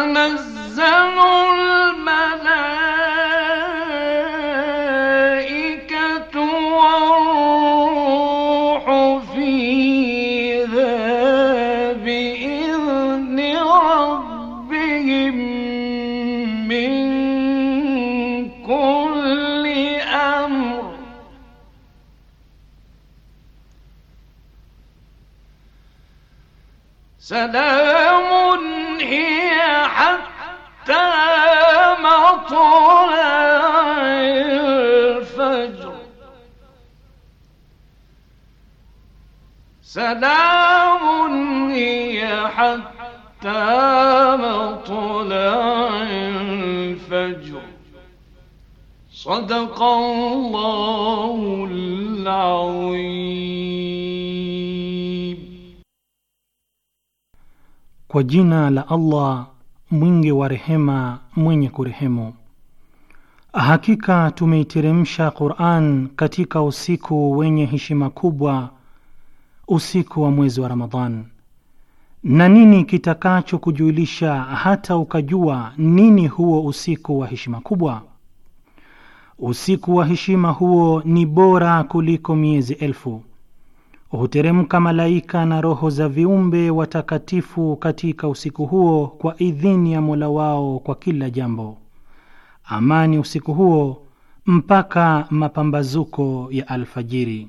تنزل الملائكة والروح فيها بإذن ربهم من كل أمر سلام طلع الفجر سلام هي حتى مطلع الفجر صدق الله العظيم kwa jina la allah mwingi wa rehema mwenye kurehemu Hakika tumeiteremsha Qur'an katika usiku wenye heshima kubwa, usiku wa mwezi wa Ramadhan. Na nini kitakachokujulisha hata ukajua nini huo usiku wa heshima kubwa? Usiku wa heshima huo ni bora kuliko miezi elfu. Huteremka malaika na roho za viumbe watakatifu katika usiku huo kwa idhini ya Mola wao kwa kila jambo amani usiku huo mpaka mapambazuko ya alfajiri.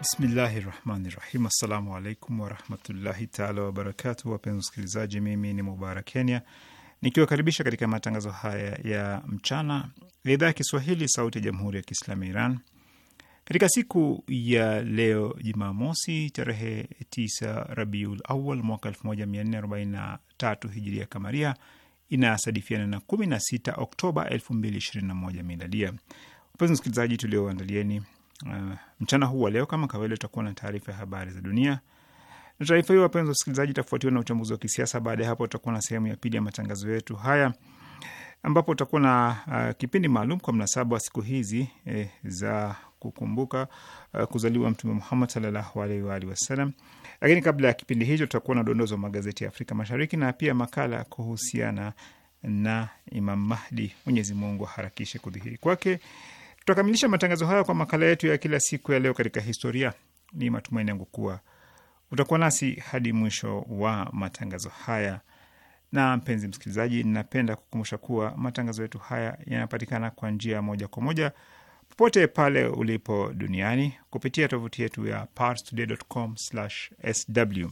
Bismillahi rahmani rahim. Assalamu alaikum warahmatullahi taala wabarakatu. Wapenzi wasikilizaji, mimi ni Mubarak Kenya nikiwakaribisha katika matangazo haya ya mchana ya idhaa ya Kiswahili sauti ya jamhuri ya Kiislamu ya Iran katika siku ya leo Jumamosi tarehe 9 Rabiul Awal mwaka 1443 hijiria kamaria inasadifiana na 16 Oktoba 2021 miladia. Wapenzi msikilizaji, tulioandalieni uh, mchana huu wa leo kama kawaida, tutakuwa na taarifa ya habari za dunia na taarifa hiyo, wapenzi wasikilizaji, itafuatiwa na uchambuzi wa kisiasa. Baada ya hapo, utakuwa na sehemu ya pili ya matangazo yetu haya ambapo utakuwa na uh, kipindi maalum kwa mnasaba wa siku hizi eh, za kukumbuka uh, kuzaliwa Mtume Muhammad sallallahu alaihi wa alihi wasallam. Lakini kabla ya kipindi hicho, tutakuwa na udondozi wa magazeti ya Afrika Mashariki na pia makala kuhusiana na Imam Mahdi, Mwenyezi Mungu aharakishe kudhihiri kwake. Tutakamilisha matangazo haya kwa makala yetu ya kila siku ya leo katika historia. Ni matumaini yangu kuwa Utakuwa nasi hadi mwisho wa matangazo haya. Na mpenzi msikilizaji, ninapenda kukumbusha kuwa matangazo yetu haya yanapatikana kwa njia moja kwa moja popote pale ulipo duniani kupitia tovuti yetu ya parstoday.com/sw.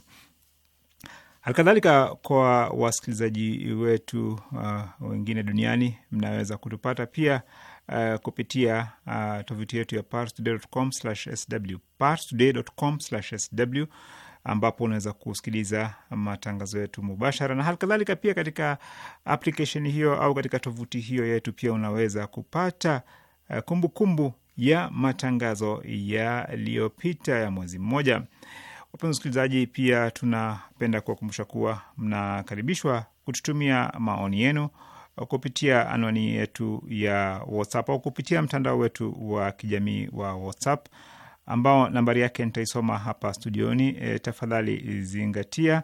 Halikadhalika, kwa wasikilizaji wetu uh, wengine duniani mnaweza kutupata pia uh, kupitia uh, tovuti yetu ya parstoday.com/sw, parstoday.com/sw ambapo unaweza kusikiliza matangazo yetu mubashara, na halikadhalika pia katika application hiyo au katika tovuti hiyo yetu pia unaweza kupata eh, kumbukumbu kumbu ya matangazo yaliyopita ya mwezi mmoja. Wapenzi wasikilizaji, pia tunapenda kuwakumbusha kuwa mnakaribishwa kututumia maoni yenu kupitia anwani yetu ya WhatsApp au kupitia mtandao wetu wa kijamii wa WhatsApp ambao nambari yake nitaisoma hapa studioni. E, tafadhali zingatia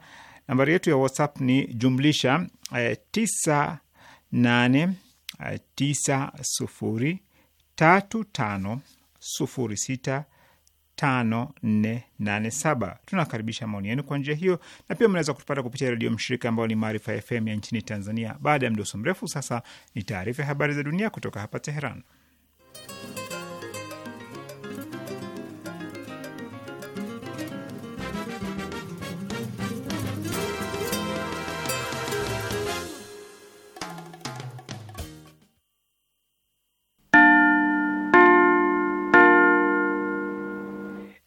nambari yetu ya WhatsApp ni jumlisha e, tisa nane e, tisa sufuri tatu tano sufuri sita tano nne nane saba. Tunakaribisha maoni yenu kwa njia hiyo, na pia mnaweza kutupata kupitia redio mshirika ambao ni Maarifa FM ya nchini Tanzania. Baada ya mdoso mrefu sasa ni taarifa ya habari za dunia kutoka hapa Teheran.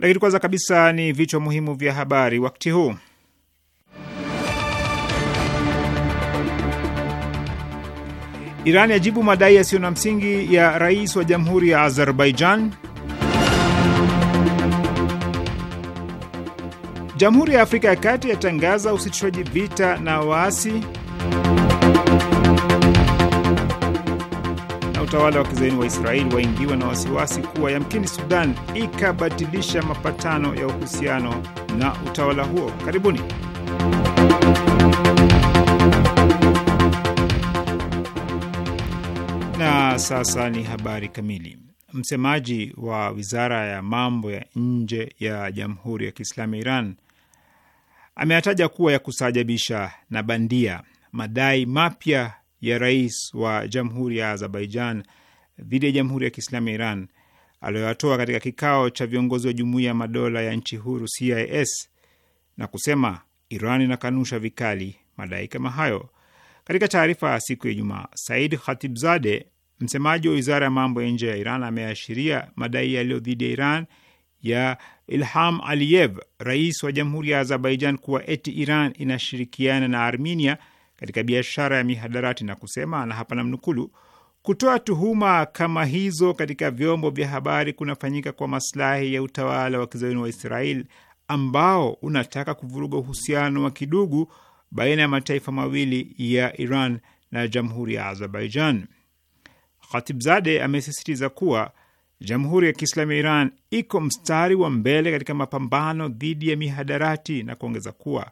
Lakini kwanza kabisa ni vichwa muhimu vya habari wakati huu. Iran yajibu madai yasiyo na msingi ya rais wa jamhuri ya Azerbaijan. Jamhuri ya Afrika ya Kati yatangaza usitishwaji vita na waasi utawala wa kizayuni wa Israeli waingiwa na wasiwasi kuwa yamkini Sudan ikabatilisha mapatano ya uhusiano na utawala huo. Karibuni. Na sasa ni habari kamili. Msemaji wa wizara ya mambo ya nje ya Jamhuri ya Kiislamu ya Iran ameyataja kuwa ya kusajabisha na bandia madai mapya ya rais wa jamhuri ya Azerbaijan dhidi ya jamhuri ya Kiislamu ya Iran aliyoyatoa katika kikao cha viongozi wa jumuiya ya madola ya nchi huru CIS na kusema Iran inakanusha vikali madai kama hayo. Katika taarifa ya siku ya Ijumaa, Said Khatibzade, msemaji wa wizara ya mambo ya nje ya Iran, ameashiria madai yaliyo dhidi ya Iran ya Ilham Aliyev, rais wa jamhuri ya Azerbaijan, kuwa eti Iran inashirikiana na Armenia katika biashara ya mihadarati na kusema, na hapa namnukulu, kutoa tuhuma kama hizo katika vyombo vya habari kunafanyika kwa maslahi ya utawala wa kizayuni wa Israel ambao unataka kuvuruga uhusiano wa kidugu baina ya mataifa mawili ya Iran na jamhuri ya Azerbaijan. Khatibzade amesisitiza kuwa Jamhuri ya Kiislamu ya Iran iko mstari wa mbele katika mapambano dhidi ya mihadarati na kuongeza kuwa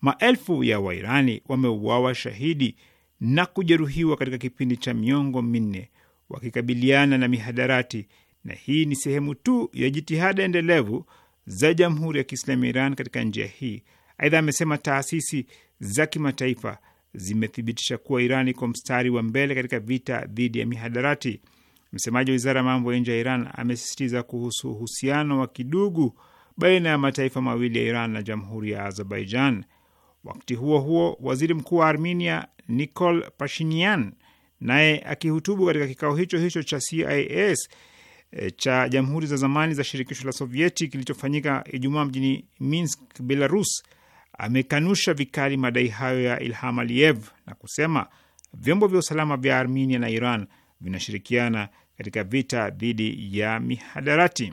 Maelfu ya Wairani wameuawa shahidi na kujeruhiwa katika kipindi cha miongo minne wakikabiliana na mihadarati, na hii ni sehemu tu ya jitihada endelevu za Jamhuri ya Kiislamu ya Iran katika njia hii. Aidha, amesema taasisi za kimataifa zimethibitisha kuwa Iran iko mstari wa mbele katika vita dhidi ya mihadarati. Msemaji wa wizara ya mambo ya nje ya Iran amesisitiza kuhusu uhusiano wa kidugu baina ya mataifa mawili ya Iran na Jamhuri ya Azerbaijan. Wakati huo huo, waziri mkuu wa Armenia Nikol Pashinyan naye akihutubu katika kikao hicho hicho cha CIS eh, cha jamhuri za zamani za shirikisho la Sovieti kilichofanyika Ijumaa mjini Minsk, Belarus, amekanusha vikali madai hayo ya Ilham Aliyev na kusema vyombo vya usalama vya Armenia na Iran vinashirikiana katika vita dhidi ya mihadarati.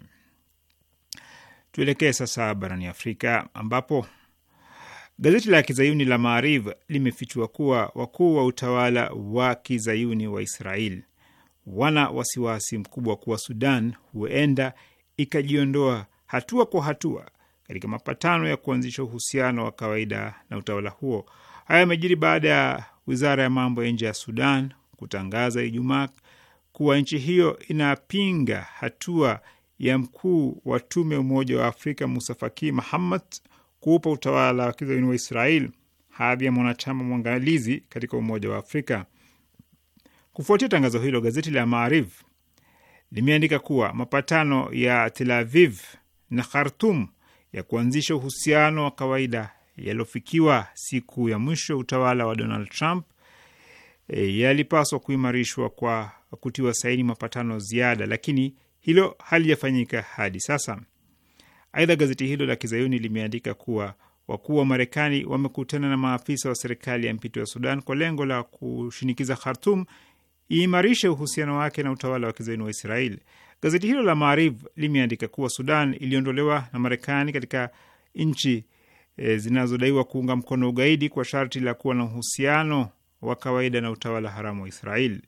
Tuelekee sasa barani Afrika ambapo Gazeti la kizayuni la Maariv limefichua kuwa wakuu wa utawala wa kizayuni wa Israel wana wasiwasi mkubwa kuwa Sudan huenda ikajiondoa hatua kwa hatua katika mapatano ya kuanzisha uhusiano wa kawaida na utawala huo. Haya yamejiri baada ya wizara ya mambo ya nje ya Sudan kutangaza Ijumaa kuwa nchi hiyo inapinga hatua ya mkuu wa tume Umoja wa Afrika Musa Faki kuupa utawala wa kizayuni wa Israel hadhi ya mwanachama mwangalizi katika Umoja wa Afrika. Kufuatia tangazo hilo, gazeti la Maarif limeandika kuwa mapatano ya Tel Aviv na Khartum ya kuanzisha uhusiano wa kawaida yaliyofikiwa siku ya mwisho ya utawala wa Donald Trump e, yalipaswa kuimarishwa kwa kutiwa saini mapatano ziada, lakini hilo halijafanyika hadi sasa. Aidha, gazeti hilo la kizayuni limeandika kuwa wakuu wa Marekani wamekutana na maafisa wa serikali ya mpito ya Sudan kwa lengo la kushinikiza Khartum iimarishe uhusiano wake na utawala wa kizayuni wa Israeli. Gazeti hilo la Maarif limeandika kuwa Sudan iliondolewa na Marekani katika nchi e, zinazodaiwa kuunga mkono ugaidi kwa sharti la kuwa na uhusiano wa kawaida na utawala haramu wa Israeli.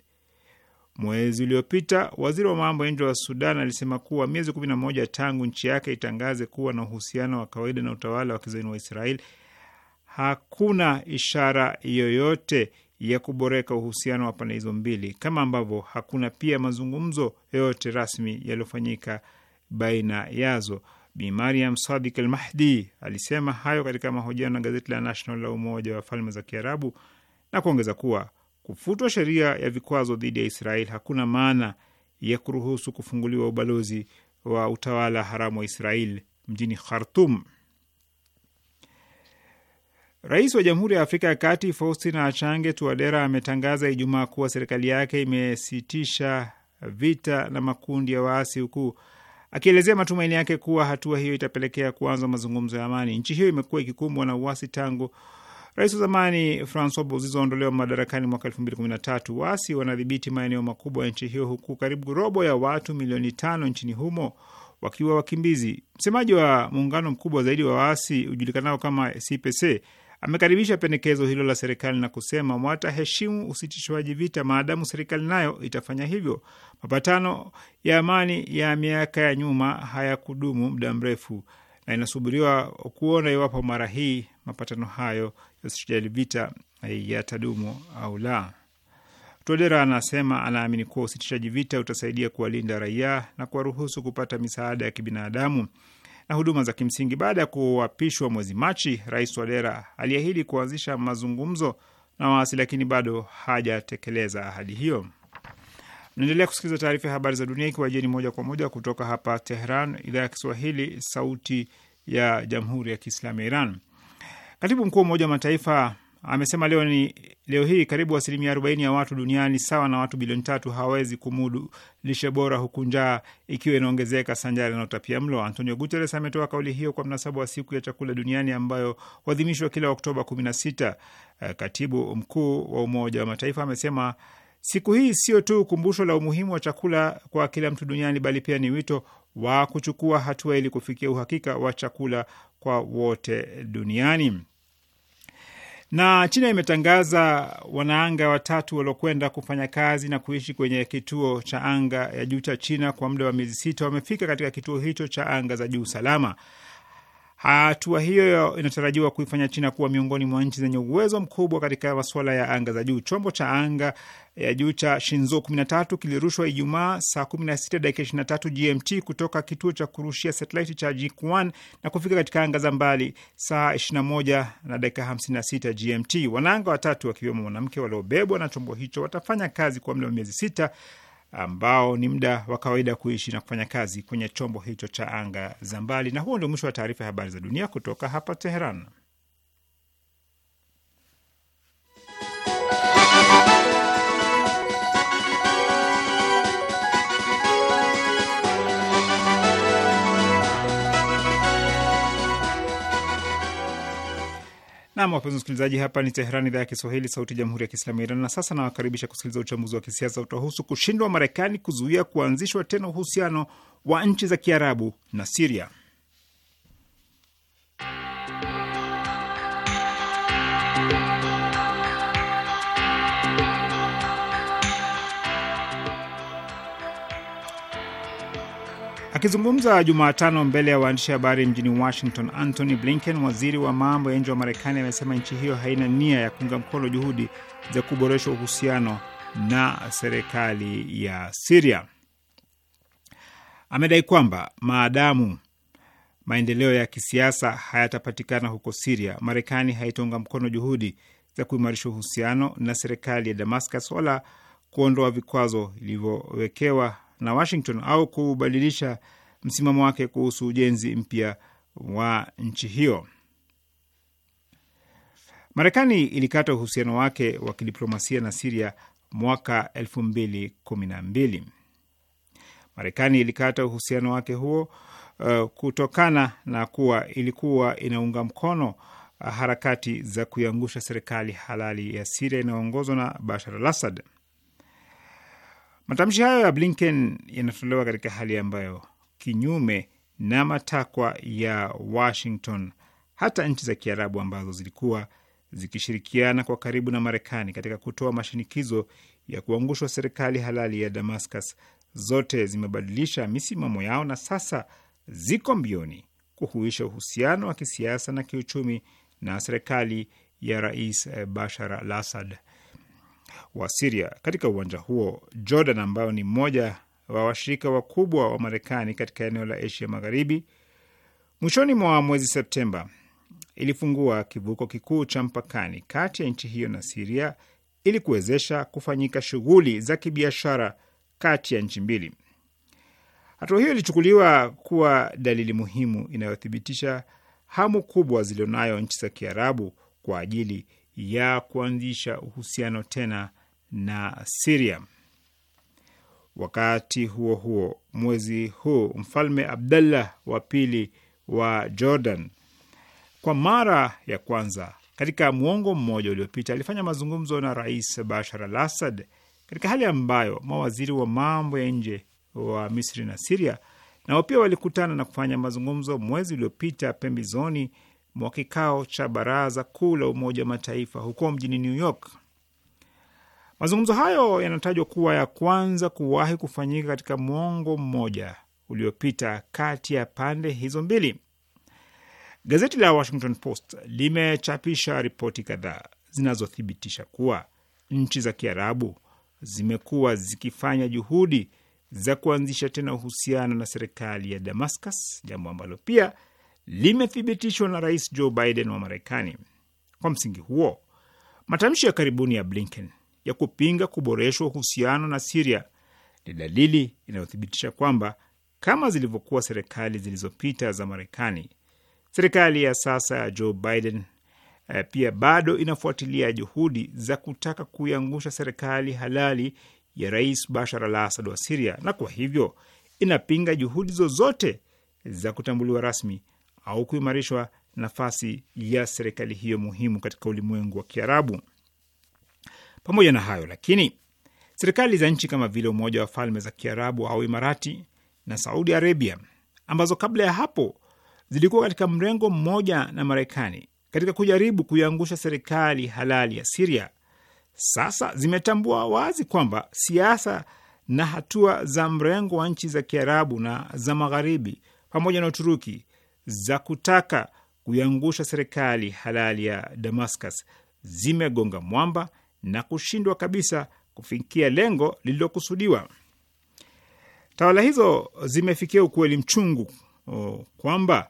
Mwezi uliopita waziri wa mambo ya nje wa Sudan alisema kuwa miezi kumi na moja tangu nchi yake itangaze kuwa na uhusiano wa kawaida na utawala wa kizayuni wa Israel hakuna ishara yoyote ya kuboreka uhusiano wa pande hizo mbili, kama ambavyo hakuna pia mazungumzo yoyote rasmi yaliyofanyika baina yazo. Bi Mariam Sadik Al Mahdi alisema hayo katika mahojiano na gazeti la National la Umoja wa Falme za Kiarabu na kuongeza kuwa kufutwa sheria ya vikwazo dhidi ya Israel hakuna maana ya kuruhusu kufunguliwa ubalozi wa utawala haramu wa Israel mjini Khartum. Rais wa Jamhuri ya Afrika ya Kati Faustin Achange Tuadera ametangaza Ijumaa kuwa serikali yake imesitisha vita na makundi ya waasi, huku akielezea matumaini yake kuwa hatua hiyo itapelekea kuanza mazungumzo ya amani. Nchi hiyo imekuwa ikikumbwa na uasi tangu Rais wa zamani Francois Bozize waondolewa madarakani mwaka elfu mbili kumi na tatu. Waasi wanadhibiti maeneo makubwa ya nchi hiyo huku karibu robo ya watu milioni tano nchini humo wakiwa wakimbizi. Msemaji wa muungano mkubwa zaidi wa waasi ujulikanao kama CPC amekaribisha pendekezo hilo la serikali na kusema wataheshimu usitishwaji vita maadamu serikali nayo itafanya hivyo. Mapatano ya amani ya miaka ya nyuma hayakudumu muda mrefu na inasubiriwa kuona iwapo mara hii mapatano hayo yasijali vita eh, yatadumu au la. Todera anasema anaamini kuwa usitishaji vita utasaidia kuwalinda raia na kuwaruhusu kupata misaada ya kibinadamu na huduma za kimsingi. Baada ya kuapishwa mwezi Machi, Rais Todera aliahidi kuanzisha mazungumzo na waasi, lakini bado hajatekeleza ahadi hiyo. Naendelea kusikiliza taarifa ya habari za dunia ikiwa jeni moja kwa moja kutoka hapa Tehran, idhaa ya Kiswahili, sauti ya jamhuri ya kiislamu ya Iran. Katibu mkuu wa Umoja wa Mataifa amesema leo ni leo hii karibu asilimia arobaini ya watu duniani sawa na watu bilioni tatu hawawezi kumudu lishe bora, huku njaa ikiwa inaongezeka sanjari na utapia mlo. Antonio Guterres ametoa kauli hiyo kwa mnasaba wa siku ya chakula duniani ambayo huadhimishwa kila Oktoba kumi na sita. Eh, Katibu mkuu wa Umoja wa Mataifa amesema siku hii sio tu kumbusho la umuhimu wa chakula kwa kila mtu duniani, bali pia ni wito wa kuchukua hatua ili kufikia uhakika wa chakula kwa wote duniani. Na China imetangaza wanaanga watatu waliokwenda kufanya kazi na kuishi kwenye kituo cha anga ya juu cha China kwa muda wa miezi sita wamefika katika kituo hicho cha anga za juu salama. Hatua hiyo inatarajiwa kuifanya China kuwa miongoni mwa nchi zenye uwezo mkubwa katika masuala ya anga za juu. Chombo cha anga ya juu cha Shinzo 13 kilirushwa Ijumaa saa 16 dakika 23 GMT kutoka kituo cha kurushia satelaiti cha Jikuan na kufika katika anga za mbali saa 21 na dakika 56 GMT. Wanaanga watatu wakiwemo mwanamke waliobebwa na chombo hicho watafanya kazi kwa muda wa miezi sita ambao ni muda wa kawaida kuishi na kufanya kazi kwenye chombo hicho cha anga za mbali. Na huo ndio mwisho wa taarifa ya habari za dunia kutoka hapa Teheran. Nam, wapenzi msikilizaji, hapa ni Teherani, idhaa ya Kiswahili, sauti ya jamhuri ya kiislamu ya Iran. Na sasa nawakaribisha kusikiliza uchambuzi wa kisiasa utahusu kushindwa Marekani kuzuia kuanzishwa tena uhusiano wa nchi za kiarabu na Siria. Akizungumza Jumatano mbele ya waandishi habari mjini Washington, Antony Blinken, waziri wa mambo ya nje wa Marekani, amesema nchi hiyo haina nia ya kuunga mkono juhudi za kuboresha uhusiano na serikali ya Siria. Amedai kwamba maadamu maendeleo ya kisiasa hayatapatikana huko Siria, Marekani haitaunga mkono juhudi za kuimarisha uhusiano na serikali ya Damascus wala kuondoa vikwazo vilivyowekewa na Washington au kubadilisha msimamo wake kuhusu ujenzi mpya wa nchi hiyo. Marekani ilikata uhusiano wake wa kidiplomasia na Siria mwaka elfu mbili kumi na mbili. Marekani ilikata uhusiano wake huo uh, kutokana na kuwa ilikuwa inaunga mkono uh, harakati za kuiangusha serikali halali ya Siria inayoongozwa na Bashar al Assad. Matamshi hayo ya Blinken yanatolewa katika hali ambayo kinyume na matakwa ya Washington, hata nchi za Kiarabu ambazo zilikuwa zikishirikiana kwa karibu na Marekani katika kutoa mashinikizo ya kuangushwa serikali halali ya Damascus, zote zimebadilisha misimamo yao na sasa ziko mbioni kuhuisha uhusiano wa kisiasa na kiuchumi na serikali ya Rais Bashar al Assad wa Siria. Katika uwanja huo, Jordan ambayo ni moja wa washirika wakubwa wa Marekani katika eneo la Asia Magharibi mwishoni mwa mwezi Septemba ilifungua kivuko kikuu cha mpakani kati ya nchi hiyo na Siria ili kuwezesha kufanyika shughuli za kibiashara kati ya nchi mbili. Hatua hiyo ilichukuliwa kuwa dalili muhimu inayothibitisha hamu kubwa zilionayo nchi za Kiarabu kwa ajili ya kuanzisha uhusiano tena na Siria. Wakati huo huo, mwezi huu mfalme Abdallah wa pili wa Jordan kwa mara ya kwanza katika mwongo mmoja uliopita alifanya mazungumzo na rais Bashar al Assad katika hali ambayo mawaziri wa mambo ya nje wa Misri na Siria nao pia walikutana na kufanya mazungumzo mwezi uliopita pembezoni mwa kikao cha baraza kuu la Umoja wa Mataifa huko mjini New York. Mazungumzo hayo yanatajwa kuwa ya kwanza kuwahi kufanyika katika mwongo mmoja uliopita kati ya pande hizo mbili. Gazeti la Washington Post limechapisha ripoti kadhaa zinazothibitisha kuwa nchi za Kiarabu zimekuwa zikifanya juhudi za kuanzisha tena uhusiano na serikali ya Damascus, jambo ambalo pia limethibitishwa na Rais Joe Biden wa Marekani. Kwa msingi huo, matamshi ya karibuni ya Blinken ya kupinga kuboreshwa uhusiano na Siria ni dalili inayothibitisha kwamba kama zilivyokuwa serikali zilizopita za Marekani, serikali ya sasa ya Joe Biden eh, pia bado inafuatilia juhudi za kutaka kuiangusha serikali halali ya Rais Bashar al Assad wa Siria, na kwa hivyo inapinga juhudi zozote za kutambuliwa rasmi au kuimarishwa nafasi ya serikali hiyo muhimu katika ulimwengu wa Kiarabu. Pamoja na hayo lakini, serikali za nchi kama vile Umoja wa Falme za Kiarabu au Imarati na Saudi Arabia ambazo kabla ya hapo zilikuwa katika mrengo mmoja na Marekani katika kujaribu kuiangusha serikali halali ya Siria sasa zimetambua wazi kwamba siasa na hatua za mrengo wa nchi za Kiarabu na za Magharibi pamoja na Uturuki za kutaka kuiangusha serikali halali ya Damascus zimegonga mwamba na kushindwa kabisa kufikia lengo lililokusudiwa. Tawala hizo zimefikia ukweli mchungu kwamba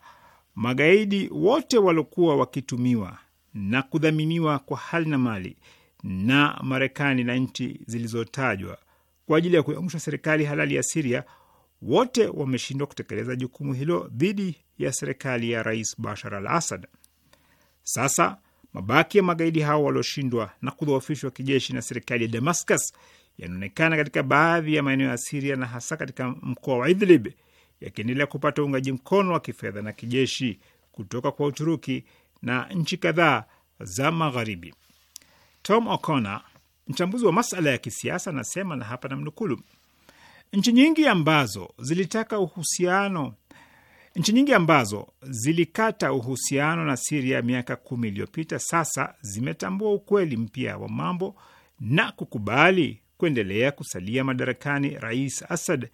magaidi wote waliokuwa wakitumiwa na kudhaminiwa kwa hali na mali na Marekani na nchi zilizotajwa kwa ajili ya kuiangusha serikali halali ya Siria wote wameshindwa kutekeleza jukumu hilo dhidi ya serikali ya Rais Bashar al Assad. Sasa Mabaki ya magaidi hao walioshindwa na kudhoofishwa kijeshi na serikali ya Damascus yanaonekana katika baadhi ya maeneo ya Siria na hasa katika mkoa wa Idlib yakiendelea kupata uungaji mkono wa kifedha na kijeshi kutoka kwa Uturuki na nchi kadhaa za Magharibi. Tom O'Connor, mchambuzi wa masala ya kisiasa, anasema na hapa namnukulu, nchi nyingi ambazo zilitaka uhusiano Nchi nyingi ambazo zilikata uhusiano na Siria miaka kumi iliyopita sasa zimetambua ukweli mpya wa mambo na kukubali kuendelea kusalia madarakani Rais Assad,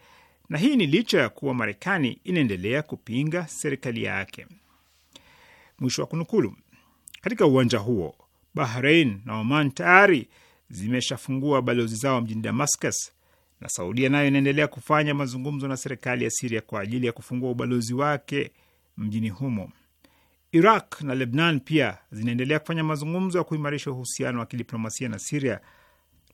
na hii ni licha ya kuwa Marekani inaendelea kupinga serikali yake. Mwisho wa kunukulu. Katika uwanja huo, Bahrain na Oman tayari zimeshafungua balozi zao mjini Damascus na Saudia nayo inaendelea kufanya mazungumzo na serikali ya Siria kwa ajili ya kufungua ubalozi wake mjini humo. Iraq na Lebnan pia zinaendelea kufanya mazungumzo ya kuimarisha uhusiano wa kidiplomasia na Siria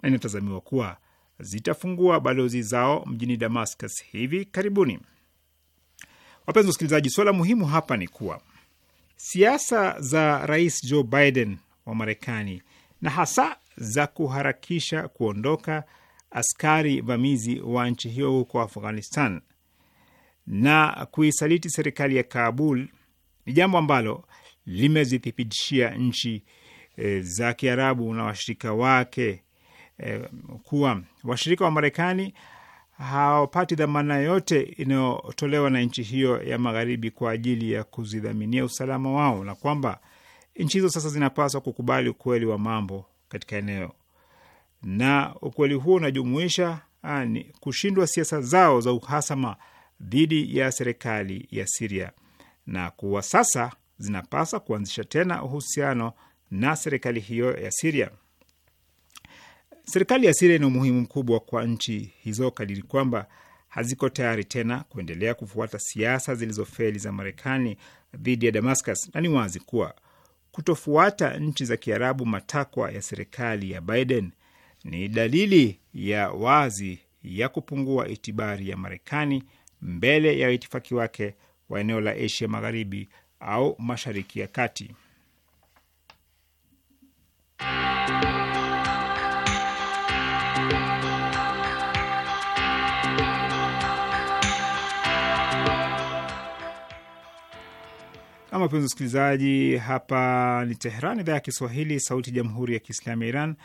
na inatazamiwa kuwa zitafungua balozi zao mjini Damascus hivi karibuni. Wapenzi wasikilizaji, suala muhimu hapa ni kuwa siasa za Rais Joe Biden wa Marekani na hasa za kuharakisha kuondoka askari vamizi wa nchi hiyo huko Afghanistan na kuisaliti serikali ya Kabul ni jambo ambalo limezithibitishia nchi e, za Kiarabu na washirika wake e, kuwa washirika wa Marekani hawapati dhamana yote inayotolewa na nchi hiyo ya magharibi kwa ajili ya kuzidhaminia usalama wao na kwamba nchi hizo sasa zinapaswa kukubali ukweli wa mambo katika eneo na ukweli huo unajumuisha ah, kushindwa siasa zao za uhasama dhidi ya serikali ya Siria na kuwa sasa zinapaswa kuanzisha tena uhusiano na serikali hiyo ya Siria. Serikali ya Siria ina umuhimu mkubwa kwa nchi hizo kadiri kwamba haziko tayari tena kuendelea kufuata siasa zilizofeli za Marekani dhidi ya Damascus, na ni wazi kuwa kutofuata nchi za Kiarabu matakwa ya serikali ya Biden ni dalili ya wazi ya kupungua itibari ya Marekani mbele ya waitifaki wake wa eneo la Asia Magharibi au Mashariki ya Kati. Ama wapenzi wasikilizaji, hapa ni Teheran, idhaa ya Kiswahili, sauti ya jamhuri ya kiislamu ya Iran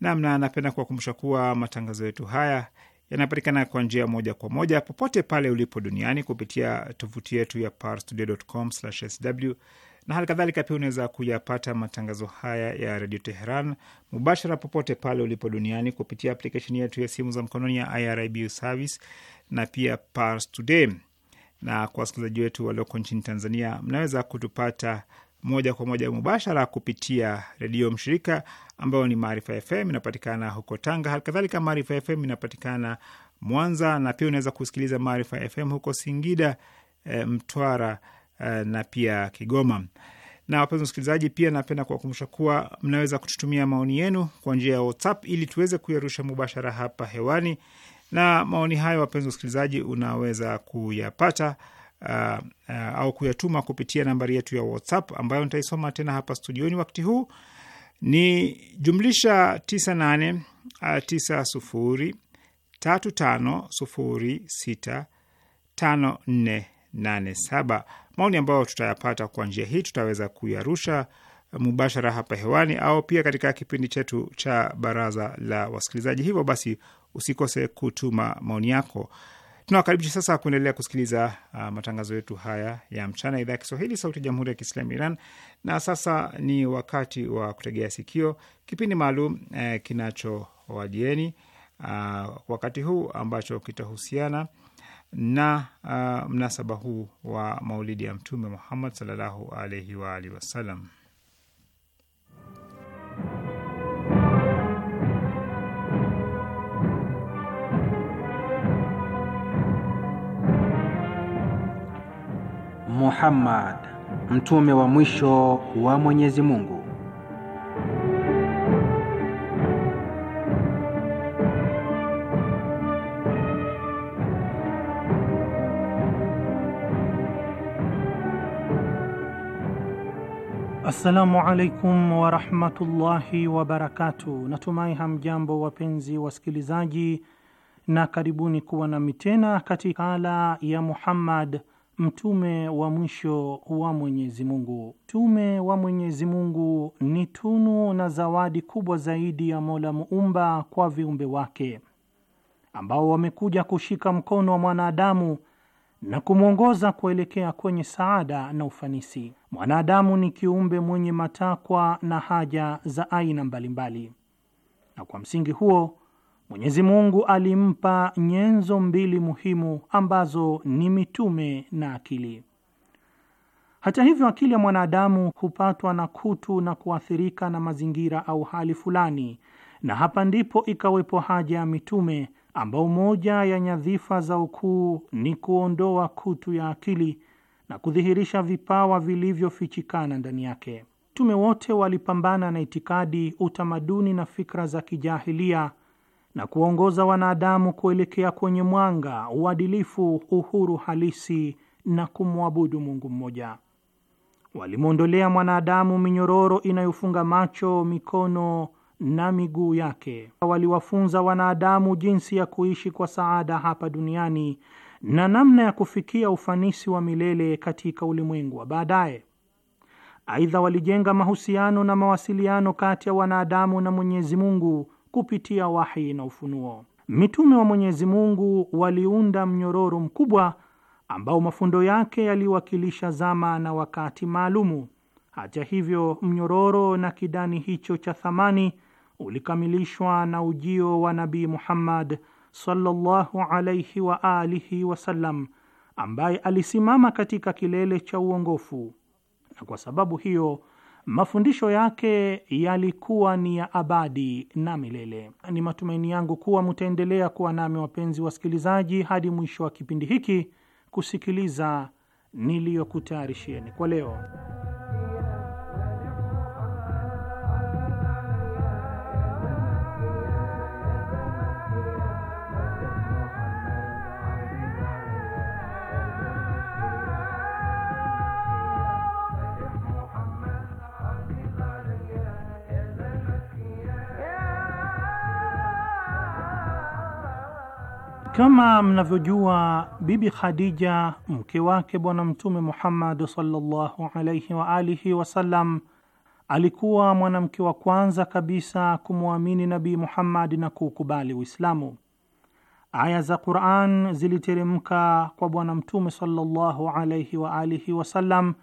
namna. Anapenda kuwakumbusha kuwa matangazo yetu haya yanapatikana kwa njia moja kwa moja popote pale ulipo duniani kupitia tovuti yetu ya parstoday.com/sw na hali kadhalika pia unaweza kuyapata matangazo haya ya redio Teheran mubashara popote pale ulipo duniani kupitia aplikesheni yetu ya simu za mkononi ya IRIB service na pia Pars Today. Na kwa wasikilizaji wetu walioko nchini Tanzania, mnaweza kutupata moja kwa moja mubashara kupitia redio mshirika ambayo ni Maarifa FM, inapatikana huko Tanga. Halikadhalika, Maarifa FM inapatikana Mwanza, na pia unaweza kusikiliza Maarifa FM huko Singida, e, Mtwara e, na pia Kigoma. Na wapenzi wasikilizaji, pia napenda kuwakumbusha kuwa mnaweza kututumia maoni yenu kwa njia ya WhatsApp ili tuweze kuyarusha mubashara hapa hewani, na maoni hayo wapenzi wasikilizaji, unaweza kuyapata uh, uh, au kuyatuma kupitia nambari yetu ya WhatsApp ambayo nitaisoma tena hapa studioni wakati huu ni jumlisha 98 uh, Maoni ambayo tutayapata kwa njia hii tutaweza kuyarusha mubashara hapa hewani au pia katika kipindi chetu cha baraza la wasikilizaji. Hivyo basi usikose kutuma maoni yako. Tunawakaribisha sasa kuendelea kusikiliza uh, matangazo yetu haya ya mchana, idhaa ya Kiswahili, sauti ya jamhuri ya kiislamu Iran. Na sasa ni wakati wa kutegea sikio kipindi maalum eh, kinachowajieni uh, wakati huu ambacho kitahusiana na uh, mnasaba huu wa maulidi ya Mtume Muhammad sallallahu alaihi waalihi wasalam. Muhammad, mtume wa mwisho wa Mwenyezi Mungu. Assalamu alaikum warahmatullahi wabarakatuh. Natumai hamjambo wapenzi wasikilizaji, na karibuni kuwa nami tena katika ala ya Muhammad mtume wa mwisho wa Mwenyezi Mungu. Mtume wa Mwenyezi Mungu ni tunu na zawadi kubwa zaidi ya Mola muumba kwa viumbe wake ambao wamekuja kushika mkono wa mwanadamu na kumwongoza kuelekea kwenye saada na ufanisi. Mwanadamu ni kiumbe mwenye matakwa na haja za aina mbalimbali, na kwa msingi huo Mwenyezi Mungu alimpa nyenzo mbili muhimu ambazo ni mitume na akili. Hata hivyo, akili ya mwanadamu hupatwa na kutu na kuathirika na mazingira au hali fulani, na hapa ndipo ikawepo haja ya mitume ambao moja ya nyadhifa za ukuu ni kuondoa kutu ya akili na kudhihirisha vipawa vilivyofichikana ndani yake. Mitume wote walipambana na itikadi, utamaduni na fikra za kijahilia na kuongoza wanadamu kuelekea kwenye mwanga, uadilifu, uhuru halisi na kumwabudu Mungu mmoja. Walimwondolea mwanadamu minyororo inayofunga macho, mikono na miguu yake. Waliwafunza wanadamu jinsi ya kuishi kwa saada hapa duniani na namna ya kufikia ufanisi wa milele katika ulimwengu wa baadaye. Aidha, walijenga mahusiano na mawasiliano kati ya wanadamu na Mwenyezi Mungu kupitia wahi na ufunuo. Mitume wa Mwenyezi Mungu waliunda mnyororo mkubwa ambao mafundo yake yaliwakilisha zama na wakati maalumu. Hata hivyo, mnyororo na kidani hicho cha thamani ulikamilishwa na ujio wa Nabii Muhammad sallallahu alayhi wa alihi wasallam, ambaye alisimama katika kilele cha uongofu, na kwa sababu hiyo Mafundisho yake yalikuwa ni ya abadi na milele. Ni matumaini yangu kuwa mtaendelea kuwa nami, wapenzi wasikilizaji, hadi mwisho wa kipindi hiki kusikiliza niliyokutayarishieni kwa leo. Kama mnavyojua, Bibi Khadija mke wake Bwana Mtume Muhammad sallallahu alayhi wa alihi wasallam alikuwa mwanamke wa kwanza kabisa kumwamini Nabii Muhammad na kuukubali Uislamu. Aya za Quran ziliteremka kwa Bwana Mtume sallallahu alayhi wa alihi wasallam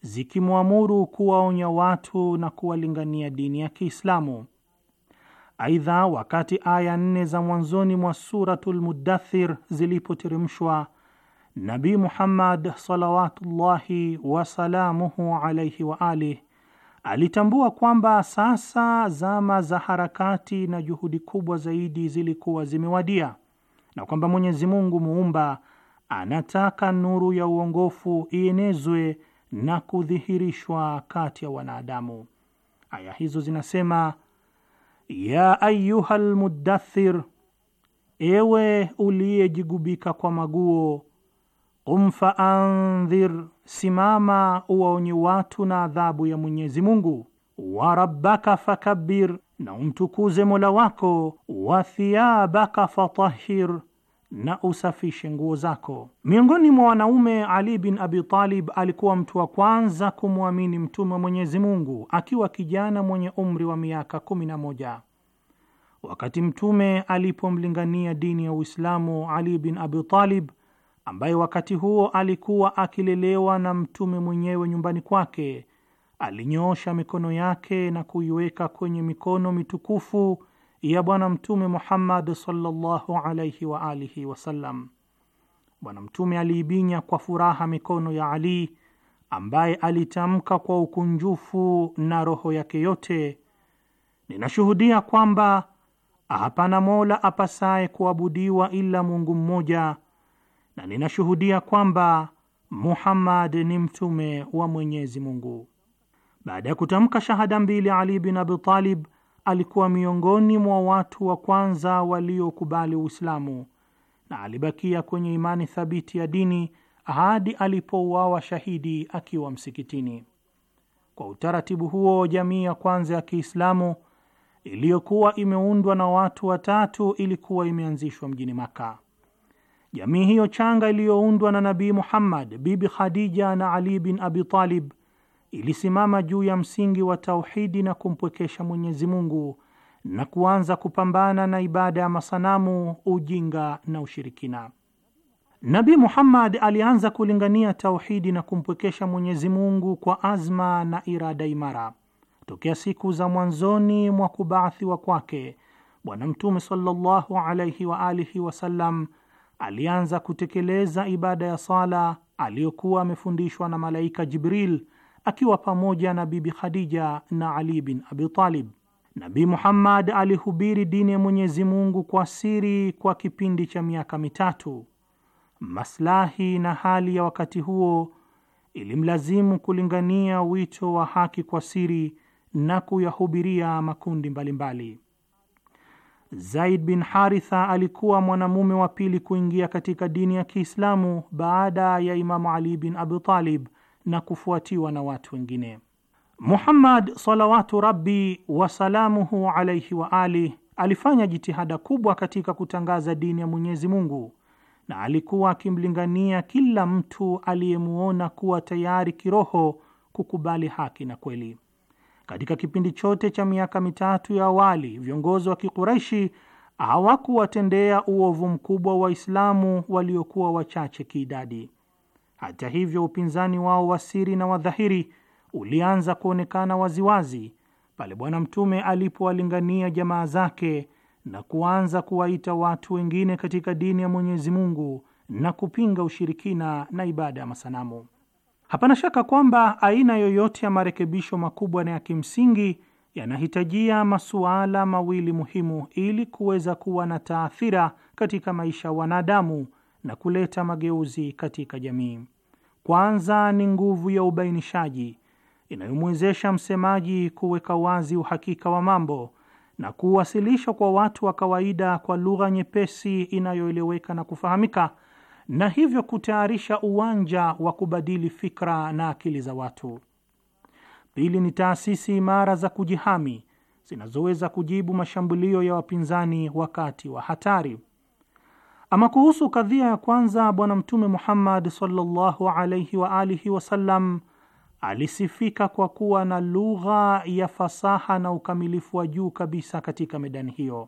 zikimwamuru kuwaonya watu na kuwalingania dini ya Kiislamu. Aidha, wakati aya nne za mwanzoni mwa Suratul lmudathir zilipoteremshwa, Nabi Muhammad salawatullahi wasalamuhu alaihi wa alih alitambua kwamba sasa zama za harakati na juhudi kubwa zaidi zilikuwa zimewadia na kwamba Mwenyezi Mungu muumba anataka nuru ya uongofu ienezwe na kudhihirishwa kati ya wanadamu. Aya hizo zinasema ya ayuha lmuddathir, ewe uliyejigubika kwa maguo. Qum faandhir, simama uwaonye watu na adhabu ya Mwenyezi Mungu. Wa rabbaka fakabbir, na umtukuze mola wako. Wa thiyabaka fatahhir na usafishe nguo zako. Miongoni mwa wanaume, Ali bin Abi Talib alikuwa mtu wa kwanza kumwamini Mtume wa Mwenyezi Mungu akiwa kijana mwenye umri wa miaka kumi na moja. Wakati Mtume alipomlingania dini ya Uislamu, Ali bin Abi Talib ambaye wakati huo alikuwa akilelewa na Mtume mwenyewe nyumbani kwake, alinyoosha mikono yake na kuiweka kwenye mikono mitukufu ya Bwana Mtume Muhammad sallallahu alayhi wa alihi wasallam. Bwana Mtume aliibinya kwa furaha mikono ya Ali ambaye alitamka kwa ukunjufu na roho yake yote, ninashuhudia kwamba hapana mola apasaye kuabudiwa ila Mungu mmoja, na ninashuhudia kwamba Muhammad ni mtume wa Mwenyezi Mungu. Baada ya kutamka shahada mbili, Ali bin Abi Talib alikuwa miongoni mwa watu wa kwanza waliokubali Uislamu na alibakia kwenye imani thabiti ya dini hadi alipouawa shahidi akiwa msikitini. Kwa utaratibu huo, jamii ya kwanza ya Kiislamu iliyokuwa imeundwa na watu watatu ilikuwa imeanzishwa mjini Maka. Jamii hiyo changa iliyoundwa na Nabii Muhammad, Bibi Khadija na Ali bin Abi Talib ilisimama juu ya msingi wa tauhidi na kumpwekesha Mwenyezi Mungu na kuanza kupambana na ibada ya masanamu, ujinga na ushirikina. Nabi Muhammad alianza kulingania tauhidi na kumpwekesha Mwenyezi Mungu kwa azma na irada imara. Tokea siku za mwanzoni mwa kubaathiwa kwake, Bwana Mtume sallallahu wa alihi wasallam alianza kutekeleza ibada ya sala aliyokuwa amefundishwa na malaika Jibril akiwa pamoja na Bibi Khadija na Ali bin Abi Talib. Nabi Muhammad alihubiri dini ya Mwenyezi Mungu kwa siri kwa kipindi cha miaka mitatu. Maslahi na hali ya wakati huo ilimlazimu kulingania wito wa haki kwa siri na kuyahubiria makundi mbalimbali. Zaid bin Haritha alikuwa mwanamume wa pili kuingia katika dini ya Kiislamu baada ya Imamu Ali bin Abi Talib na kufuatiwa na watu wengine. Muhammad salawatu rabbi wasalamuhu alaihi wa ali alifanya jitihada kubwa katika kutangaza dini ya Mwenyezi Mungu na alikuwa akimlingania kila mtu aliyemuona kuwa tayari kiroho kukubali haki na kweli. Katika kipindi chote cha miaka mitatu ya awali, viongozi wa Kikureishi hawakuwatendea uovu mkubwa Waislamu waliokuwa wachache kiidadi. Hata hivyo, upinzani wao wa siri na wadhahiri ulianza kuonekana waziwazi pale Bwana Mtume alipowalingania jamaa zake na kuanza kuwaita watu wengine katika dini ya Mwenyezi Mungu na kupinga ushirikina na ibada ya masanamu. Hapana shaka kwamba aina yoyote ya marekebisho makubwa na ya kimsingi yanahitajia masuala mawili muhimu ili kuweza kuwa na taathira katika maisha ya wanadamu na kuleta mageuzi katika jamii. Kwanza ni nguvu ya ubainishaji inayomwezesha msemaji kuweka wazi uhakika wa mambo na kuwasilisha kwa watu wa kawaida kwa lugha nyepesi inayoeleweka na kufahamika, na hivyo kutayarisha uwanja wa kubadili fikra na akili za watu. Pili ni taasisi imara za kujihami zinazoweza kujibu mashambulio ya wapinzani wakati wa hatari. Ama kuhusu kadhia ya kwanza, Bwana Mtume Muhammad sallallahu alayhi wa alihi wasallam alisifika kwa kuwa na lugha ya fasaha na ukamilifu wa juu kabisa katika medani hiyo.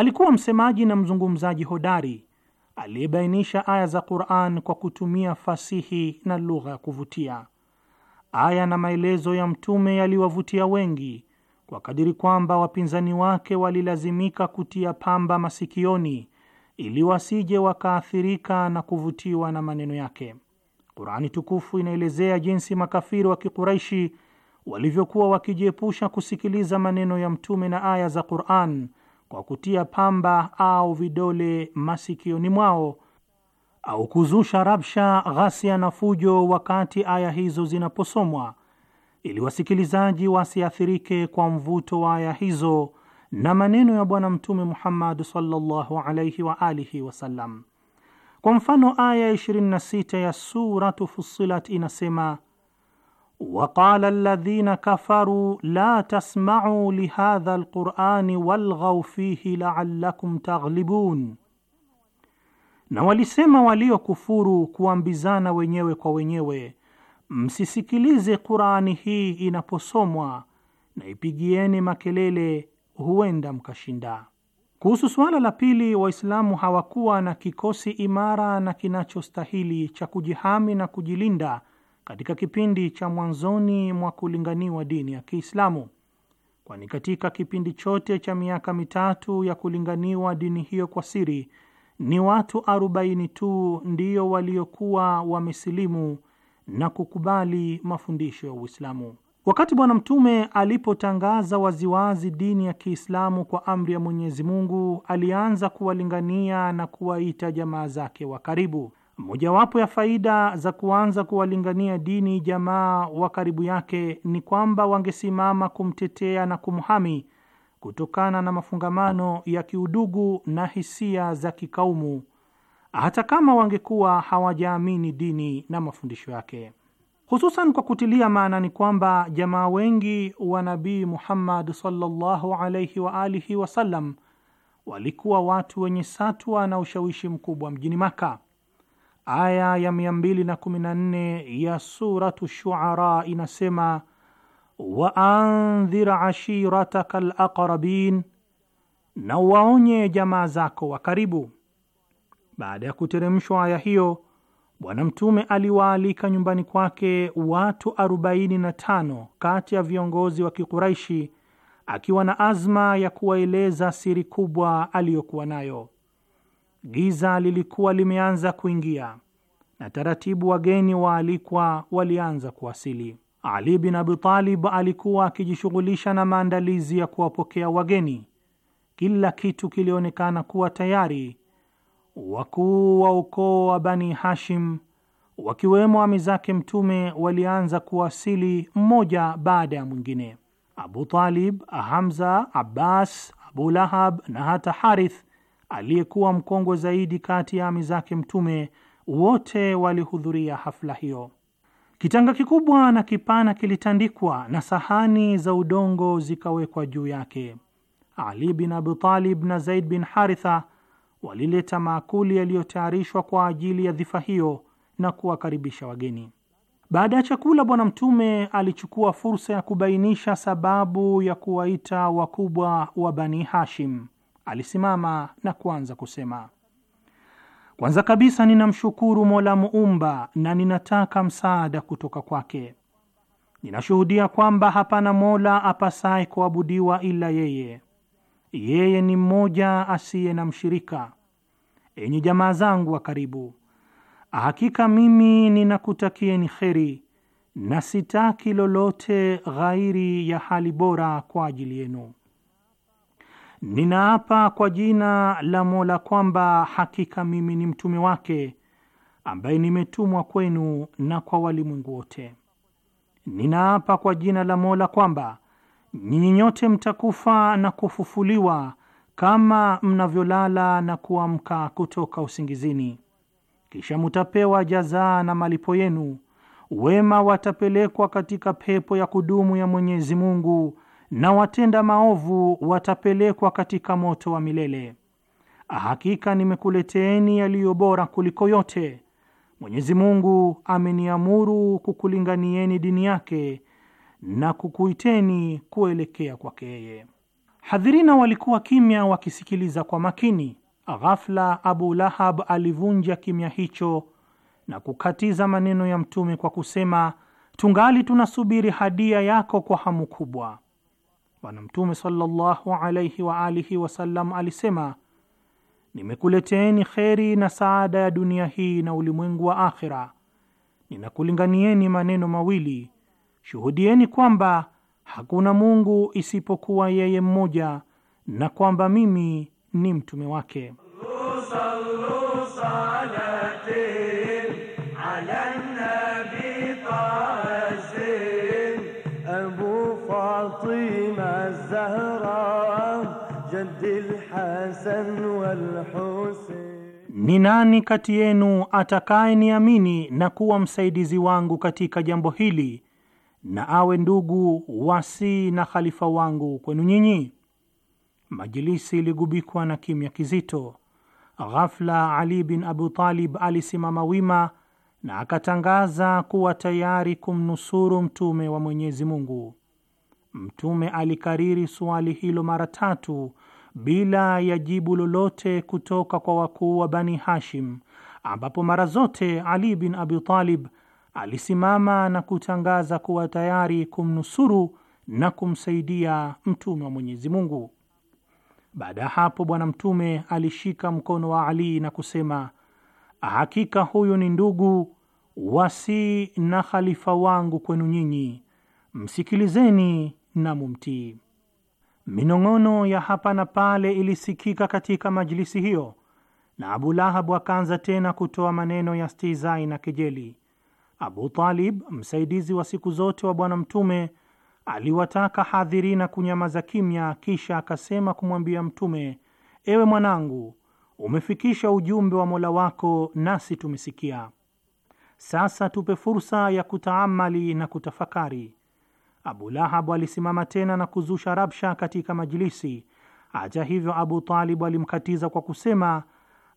Alikuwa msemaji na mzungumzaji hodari aliyebainisha aya za Qur'an kwa kutumia fasihi na lugha ya kuvutia. Aya na maelezo ya mtume yaliwavutia wengi kwa kadiri kwamba wapinzani wake walilazimika kutia pamba masikioni ili wasije wakaathirika na kuvutiwa na maneno yake. Qur'ani tukufu inaelezea jinsi makafiri wa Kikuraishi walivyokuwa wakijiepusha kusikiliza maneno ya mtume na aya za Qur'an kwa kutia pamba au vidole masikioni mwao au kuzusha rabsha, ghasia na fujo wakati aya hizo zinaposomwa, ili wasikilizaji wasiathirike kwa mvuto wa aya hizo na maneno ya Bwana Mtume Muhammad sallallahu alayhi wa alihi wasallam. Kwa mfano, aya 26 ya Suratu Fussilat inasema وقال الذين كفروا لا تسمعوا لهذا القرآن والغوا فيه لعلكم تغلبون na walisema waliokufuru kuambizana wenyewe kwa wenyewe msisikilize Qur'ani hii inaposomwa na ipigieni makelele huenda mkashinda kuhusu suala la pili waislamu hawakuwa na kikosi imara na kinachostahili cha kujihami na kujilinda katika kipindi cha mwanzoni mwa kulinganiwa dini ya Kiislamu, kwani katika kipindi chote cha miaka mitatu ya kulinganiwa dini hiyo kwa siri ni watu arobaini tu ndio waliokuwa wamesilimu na kukubali mafundisho ya Uislamu. Wakati Bwana Mtume alipotangaza waziwazi dini ya Kiislamu kwa amri ya Mwenyezi Mungu, alianza kuwalingania na kuwaita jamaa zake wa karibu. Mojawapo ya faida za kuanza kuwalingania dini jamaa wa karibu yake ni kwamba wangesimama kumtetea na kumhami kutokana na mafungamano ya kiudugu na hisia za kikaumu, hata kama wangekuwa hawajaamini dini na mafundisho yake, hususan kwa kutilia maana ni kwamba jamaa wengi wa Nabii Muhammad sallallahu alaihi wa alihi wasallam walikuwa watu wenye satwa na ushawishi mkubwa mjini Maka. Aya ya 214 ya suratu Shuara inasema wa andhir ashirataka laqrabin, na waonye jamaa zako wa karibu. Baada ya kuteremshwa aya hiyo, Bwana Mtume aliwaalika nyumbani kwake watu 45 kati ya viongozi wa Kikuraishi akiwa na azma ya kuwaeleza siri kubwa aliyokuwa nayo giza lilikuwa limeanza kuingia na taratibu wageni waalikwa walianza kuwasili. Ali bin Abi Talib alikuwa akijishughulisha na maandalizi ya kuwapokea wageni. Kila kitu kilionekana kuwa tayari. Wakuu wa ukoo wa Bani Hashim wakiwemo ami zake Mtume walianza kuwasili mmoja baada ya mwingine. Abu Talib, Hamza, Abbas, Abu Lahab na hata Harith aliyekuwa mkongwe zaidi kati ya ami zake Mtume, wote walihudhuria hafla hiyo. Kitanga kikubwa na kipana kilitandikwa na sahani za udongo zikawekwa juu yake. Ali bin Abi Talib na Zaid bin Haritha walileta maakuli yaliyotayarishwa kwa ajili ya dhifa hiyo na kuwakaribisha wageni. Baada ya chakula, Bwana Mtume alichukua fursa ya kubainisha sababu ya kuwaita wakubwa wa Bani Hashim alisimama na kuanza kusema, kwanza kabisa ninamshukuru Mola Muumba na ninataka msaada kutoka kwake. Ninashuhudia kwamba hapana Mola apasaye kuabudiwa ila yeye. Yeye ni mmoja asiye na mshirika. Enyi jamaa zangu wa karibu, hakika mimi ninakutakieni kheri na sitaki lolote ghairi ya hali bora kwa ajili yenu. Ninaapa kwa jina la Mola kwamba hakika mimi ni mtume wake ambaye nimetumwa kwenu na kwa walimwengu wote. Ninaapa kwa jina la Mola kwamba nyinyi nyote mtakufa na kufufuliwa kama mnavyolala na kuamka kutoka usingizini, kisha mutapewa jazaa na malipo yenu. Wema watapelekwa katika pepo ya kudumu ya Mwenyezi Mungu na watenda maovu watapelekwa katika moto wa milele. Hakika nimekuleteeni yaliyo bora kuliko yote. Mwenyezi Mungu ameniamuru kukulinganieni dini yake na kukuiteni kuelekea kwake yeye. Hadhirina walikuwa kimya wakisikiliza kwa makini. Ghafla Abu Lahab alivunja kimya hicho na kukatiza maneno ya Mtume kwa kusema, tungali tunasubiri hadia yako kwa hamu kubwa. Bwana Mtume sallallahu alayhi wa alihi wasallam alisema, nimekuleteeni kheri na saada ya dunia hii na ulimwengu wa akhira. Ninakulinganieni maneno mawili, shuhudieni kwamba hakuna Mungu isipokuwa yeye mmoja na kwamba mimi ni mtume wake. Sallu. Ni nani kati yenu atakayeniamini na kuwa msaidizi wangu katika jambo hili na awe ndugu wasi na khalifa wangu kwenu nyinyi? Majilisi iligubikwa na kimya kizito. Ghafla Ali bin Abu Talib alisimama wima na akatangaza kuwa tayari kumnusuru mtume wa Mwenyezi Mungu. Mtume alikariri suali hilo mara tatu bila ya jibu lolote kutoka kwa wakuu wa Bani Hashim, ambapo mara zote Ali bin Abi Talib alisimama na kutangaza kuwa tayari kumnusuru na kumsaidia mtume wa Mwenyezi Mungu. Baada ya hapo, Bwana Mtume alishika mkono wa Ali na kusema, hakika huyu ni ndugu wasi na khalifa wangu kwenu nyinyi, msikilizeni na mumtii. Minong'ono ya hapa na pale ilisikika katika majlisi hiyo, na Abu Lahabu akaanza tena kutoa maneno ya stizai na kejeli. Abu Talib, msaidizi wa siku zote wa Bwana Mtume, aliwataka hadhirina kunyamaza kimya, kisha akasema kumwambia Mtume, ewe mwanangu, umefikisha ujumbe wa Mola wako nasi tumesikia. Sasa tupe fursa ya kutaamali na kutafakari. Abu Lahabu alisimama tena na kuzusha rabsha katika majilisi. Hata hivyo, Abu Talibu alimkatiza kwa kusema,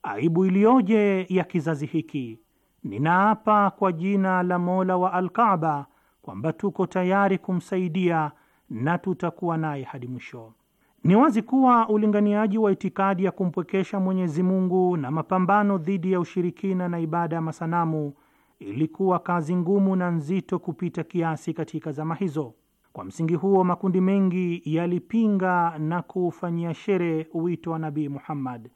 aibu iliyoje ya kizazi hiki! Ninaapa kwa jina la Mola wa alkaba kwamba tuko tayari kumsaidia na tutakuwa naye hadi mwisho. Ni wazi kuwa ulinganiaji wa itikadi ya kumpwekesha Mwenyezi Mungu na mapambano dhidi ya ushirikina na ibada ya masanamu ilikuwa kazi ngumu na nzito kupita kiasi katika zama hizo. Kwa msingi huo, makundi mengi yalipinga na kuufanyia shere wito wa Nabii Muhammad.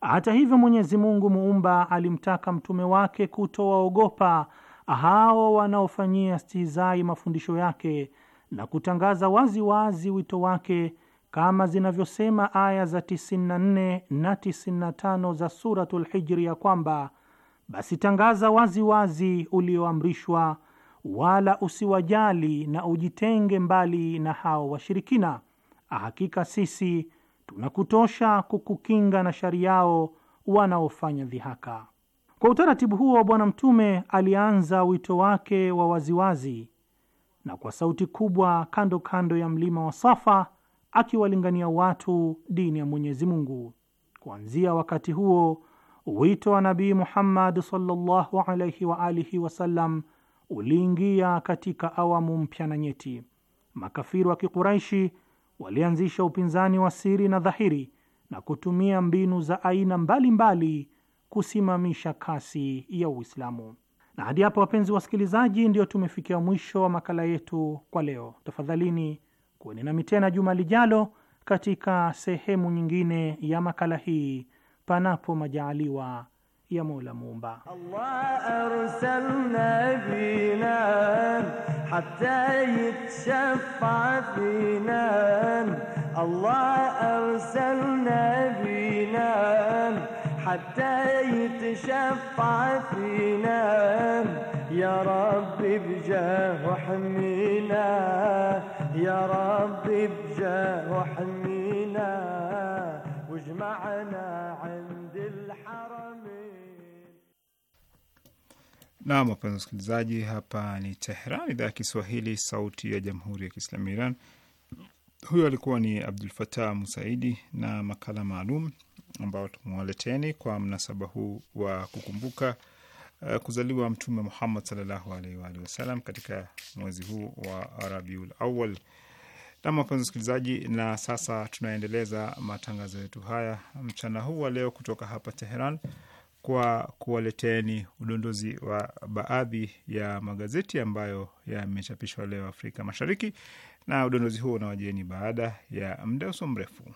Hata hivyo, Mwenyezi Mungu muumba alimtaka mtume wake kutowaogopa hao wanaofanyia stihizai mafundisho yake na kutangaza wazi wazi wito wake kama zinavyosema aya za 94 na 95 za Suratul Hijri ya kwamba basi tangaza wazi wazi ulioamrishwa, wala usiwajali na ujitenge mbali na hao washirikina. Hakika sisi tunakutosha kukukinga na shari yao wanaofanya dhihaka. Kwa utaratibu huo, Bwana Mtume alianza wito wake wa waziwazi na kwa sauti kubwa kando kando ya mlima wa Safa, akiwalingania watu dini ya Mwenyezi Mungu. Kuanzia wakati huo wito wa Nabii Muhammad sallallahu alayhi wa alihi wasallam uliingia katika awamu mpya na nyeti. Makafiri wa Kikuraishi walianzisha upinzani wa siri na dhahiri na kutumia mbinu za aina mbalimbali mbali kusimamisha kasi ya Uislamu. Na hadi hapo, wapenzi wasikilizaji, ndio tumefikia mwisho wa makala yetu kwa leo. Tafadhalini kuweni nami tena juma lijalo katika sehemu nyingine ya makala hii panapo majaliwa ya Mola Muumba. Allah arsalna bina hatta yitshaffa fina Allah arsalna bina حتى ya rabbi يا رب بجاه وحمينا يا رب بجاه وحمينا واجمعنا Na wapenzi wasikilizaji, hapa ni Tehran, idhaa ya Kiswahili, sauti ya jamhuri ya kiislamu ya Iran. Huyo alikuwa ni Abdul Fatah Musaidi na makala maalum ambayo tumewaleteni kwa mnasaba huu wa kukumbuka uh, kuzaliwa Mtume Muhammad sallallahu alaihi wa alihi wasallam katika mwezi huu wa Rabiul Awal. Na wapenzi wasikilizaji, na sasa tunaendeleza matangazo yetu haya mchana huu wa leo kutoka hapa Teheran kwa kuwaleteni udondozi wa baadhi ya magazeti ambayo yamechapishwa leo Afrika Mashariki, na udondozi huo unawajieni baada ya mdauso mrefu.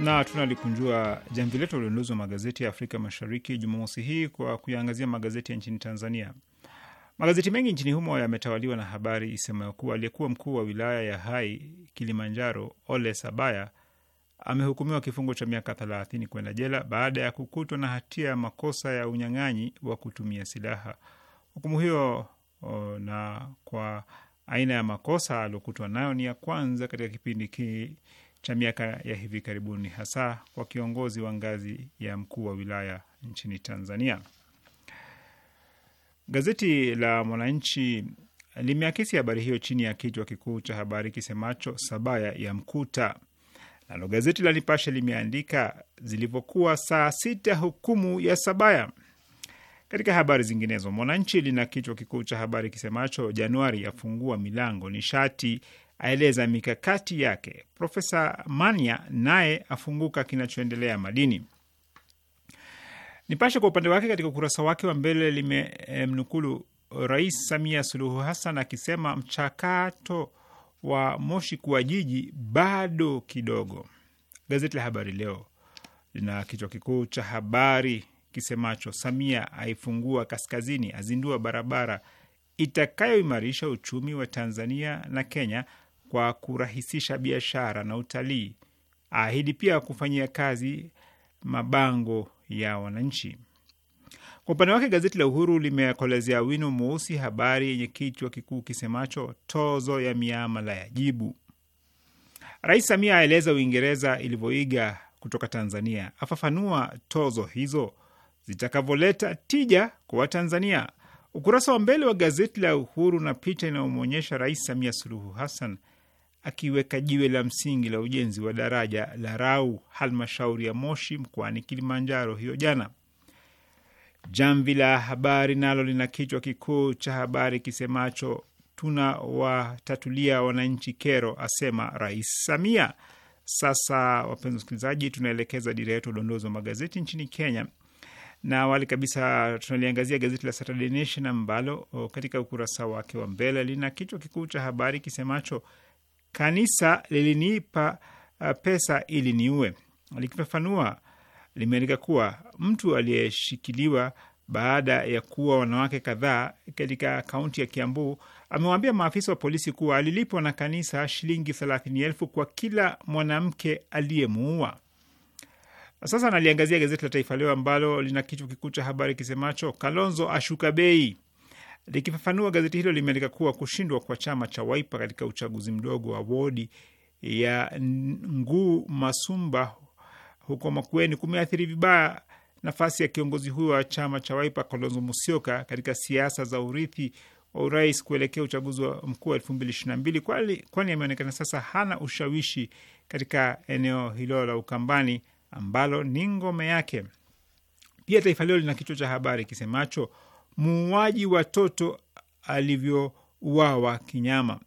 na tunalikunjua jamvi letu uliunduzi wa magazeti ya Afrika Mashariki Jumamosi hii kwa kuyaangazia magazeti ya nchini Tanzania. Magazeti mengi nchini humo yametawaliwa na habari isemayo kuwa aliyekuwa mkuu wa wilaya ya Hai Kilimanjaro, Ole Sabaya amehukumiwa kifungo cha miaka thelathini kwenda jela baada ya kukutwa na hatia ya makosa ya unyang'anyi wa kutumia silaha. Hukumu hiyo na kwa aina ya makosa aliokutwa nayo ni ya kwanza katika kipindi ki cha miaka ya hivi karibuni, hasa kwa kiongozi wa ngazi ya mkuu wa wilaya nchini Tanzania. Gazeti la Mwananchi limeakisi habari hiyo chini ya kichwa kikuu cha habari kisemacho Sabaya ya Mkuta. Nalo gazeti la Nipashe limeandika zilivyokuwa saa sita hukumu ya Sabaya. Katika habari zinginezo, Mwananchi lina kichwa kikuu cha habari kisemacho Januari yafungua milango nishati aeleza mikakati yake. Profesa Manya naye afunguka kinachoendelea madini. Nipashe kwa upande wake, katika ukurasa wake wa mbele limemnukulu eh, Rais Samia Suluhu Hassan akisema mchakato wa Moshi kuwa jiji bado kidogo. Gazeti la Habari Leo lina kichwa kikuu cha habari kisemacho Samia aifungua kaskazini, azindua barabara itakayoimarisha uchumi wa Tanzania na Kenya kwa kurahisisha biashara na utalii. Aahidi pia kufanyia kazi mabango ya wananchi. Kwa upande wake gazeti la Uhuru limekolezea wino mweusi habari yenye kichwa kikuu kisemacho tozo ya miamala ya jibu. Rais Samia aeleza Uingereza ilivyoiga kutoka Tanzania, afafanua tozo hizo zitakavyoleta tija kwa Watanzania. Ukurasa wa mbele wa gazeti la Uhuru na picha inayomwonyesha Rais Samia Suluhu Hassan akiweka jiwe la msingi la ujenzi wa daraja la Rau halmashauri ya Moshi mkoani Kilimanjaro hiyo jana. Jamvi la Habari nalo lina kichwa kikuu cha habari kisemacho tunawatatulia wananchi kero, asema Rais Samia. Sasa wapenzi wasikilizaji, tunaelekeza dira yetu udondozi wa magazeti nchini Kenya, na awali kabisa tunaliangazia gazeti la Saturday Nation ambalo oh, katika ukurasa wake wa mbele lina kichwa kikuu cha habari kisemacho kanisa lilinipa uh, pesa ili niue. Likifafanua, limeandika kuwa mtu aliyeshikiliwa baada ya kuwa wanawake kadhaa katika kaunti ya Kiambu amewaambia maafisa wa polisi kuwa alilipwa na kanisa shilingi thelathini elfu kwa kila mwanamke aliyemuua. Sasa naliangazia gazeti la Taifa Leo ambalo lina kichwa kikuu cha habari kisemacho Kalonzo ashuka bei. Likifafanua, gazeti hilo limeandika kuwa kushindwa kwa chama cha Waipa katika uchaguzi mdogo wa wodi ya Nguu Masumba huko Makueni kumeathiri vibaya nafasi ya kiongozi huyo wa chama cha Waipa Kalonzo Musyoka katika siasa za urithi wa urais kuelekea uchaguzi wa mkuu wa elfu mbili ishirini na mbili kwani ameonekana sasa hana ushawishi katika eneo hilo la Ukambani ambalo ni ngome yake. Pia Taifa Leo lina kichwa cha habari kisemacho muuaji watoto alivyouawa kinyama.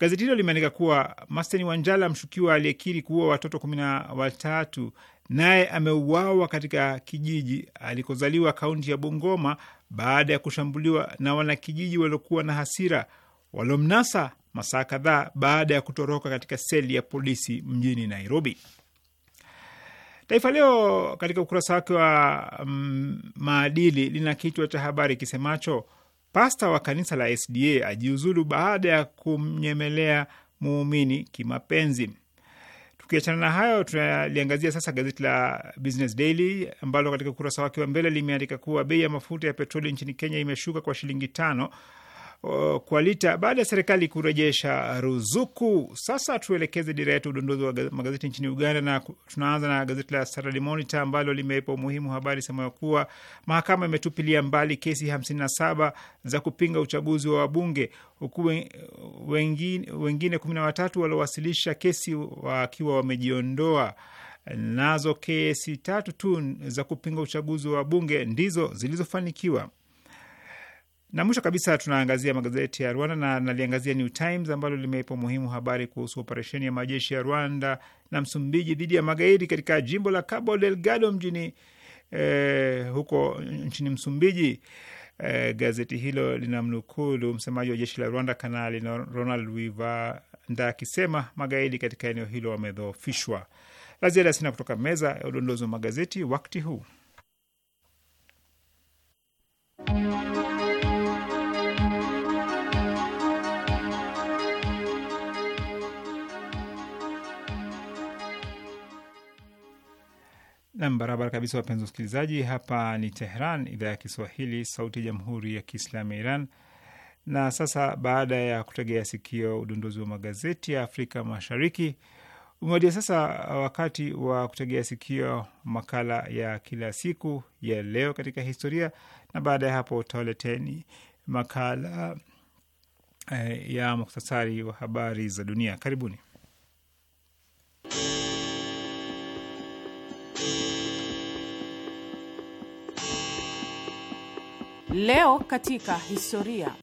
Gazeti hilo limeandika kuwa Masteni Wanjala, mshukiwa aliyekiri kuua watoto kumi na watatu, naye ameuawa katika kijiji alikozaliwa kaunti ya Bungoma baada ya kushambuliwa na wanakijiji waliokuwa na hasira walomnasa masaa kadhaa baada ya kutoroka katika seli ya polisi mjini Nairobi. Taifa Leo katika ukurasa wake wa mm, maadili lina kichwa cha habari kisemacho pasta wa kanisa la SDA ajiuzulu baada ya kumnyemelea muumini kimapenzi. Tukiachana na hayo, tunaliangazia sasa gazeti la Business Daily ambalo katika ukurasa wake wa mbele limeandika kuwa bei ya mafuta ya petroli nchini Kenya imeshuka kwa shilingi tano kwa lita baada ya serikali kurejesha ruzuku. Sasa tuelekeze dira yetu udondozi wa magazeti nchini Uganda, na tunaanza na gazeti la Saturday Monitor ambalo limeipa umuhimu habari ya kuwa mahakama imetupilia mbali kesi 57 za kupinga uchaguzi wa wabunge huku wengine, wengine kumi na watatu waliowasilisha kesi wakiwa wamejiondoa nazo. Kesi tatu tu za kupinga uchaguzi wa bunge ndizo zilizofanikiwa. Na mwisho kabisa tunaangazia magazeti ya Rwanda na naliangazia New Times ambalo limeipa umuhimu habari kuhusu operesheni ya majeshi ya Rwanda na Msumbiji dhidi ya magaidi katika jimbo la Cabo Delgado mjini eh, huko nchini Msumbiji. Eh, gazeti hilo linamnukulu msemaji wa jeshi la Rwanda Kanali Ronald Wiva nda akisema magaidi katika eneo hilo wamedhoofishwa. La ziada sina kutoka meza ya udondozi wa magazeti wakati huu. Nam, barabara kabisa, wapenzi wasikilizaji. Hapa ni Tehran, idhaa ya Kiswahili, sauti ya jamhuri ya kiislamu ya Iran. Na sasa baada ya kutegea sikio udondozi wa magazeti ya Afrika Mashariki, umewadia sasa wakati wa kutegea sikio makala ya kila siku ya leo katika historia, na baada ya hapo utawaleteni makala eh, ya muktasari wa habari za dunia. Karibuni. Leo katika historia.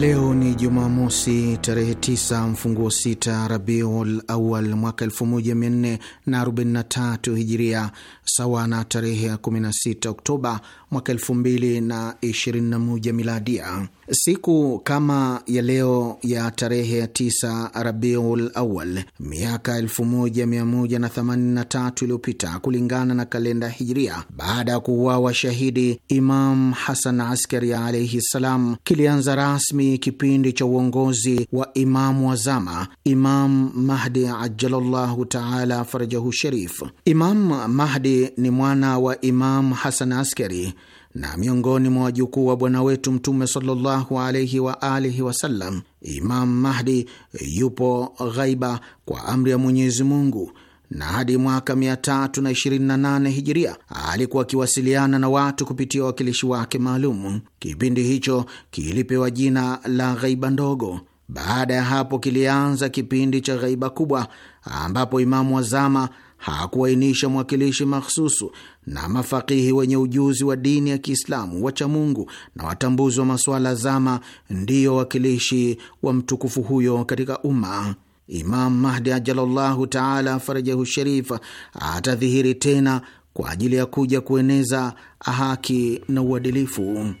Leo ni Jumamosi, tarehe 9 mfunguo 6 Rabiul Awal mwaka 1443 Hijiria, sawa na tarehe 16 Oktoba mwaka 2021 miladia. Siku kama ya leo ya tarehe ya tisa Rabiul Awal miaka 1183 iliyopita kulingana na kalenda Hijria, baada ya kuuawa shahidi Imam Hasan Askari alaihi ssalam, kilianza rasmi kipindi cha uongozi wa Imamu wazama Imam Mahdi ajalallahu taala farajahu sharif. Imam Mahdi ni mwana wa Imam Hasan Askari na miongoni mwa wajukuu wa bwana wetu Mtume sallallahu alaihi wa alihi wasallam, Imam Mahdi yupo ghaiba kwa amri ya Mwenyezi Mungu, na hadi mwaka 328 hijiria alikuwa akiwasiliana na watu kupitia wakilishi wake maalum. Kipindi hicho kilipewa jina la ghaiba ndogo. Baada ya hapo, kilianza kipindi cha ghaiba kubwa ambapo Imamu wazama hakuainisha mwakilishi mahsusu, na mafakihi wenye ujuzi wa dini ya Kiislamu, wachamungu na watambuzi wa masuala zama ndiyo wakilishi wa mtukufu huyo katika umma. Imam Mahdi ajalallahu taala farajahu sharif atadhihiri tena kwa ajili ya kuja kueneza haki na uadilifu.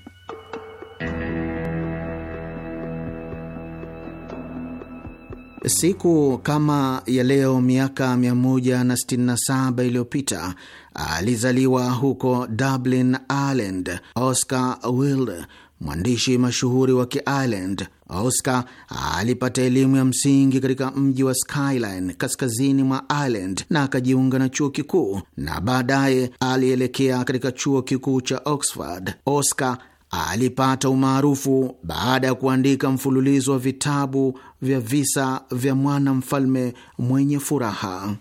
Siku kama ya leo miaka 167 iliyopita alizaliwa huko Dublin, Ireland, Oscar Wilde, mwandishi mashuhuri wa Kiireland. Oscar alipata elimu ya msingi katika mji wa Skyline kaskazini mwa Ireland na akajiunga na chuo kikuu na baadaye alielekea katika chuo kikuu cha Oxford. Oscar alipata umaarufu baada ya kuandika mfululizo wa vitabu vya visa vya mwana mfalme mwenye furaha.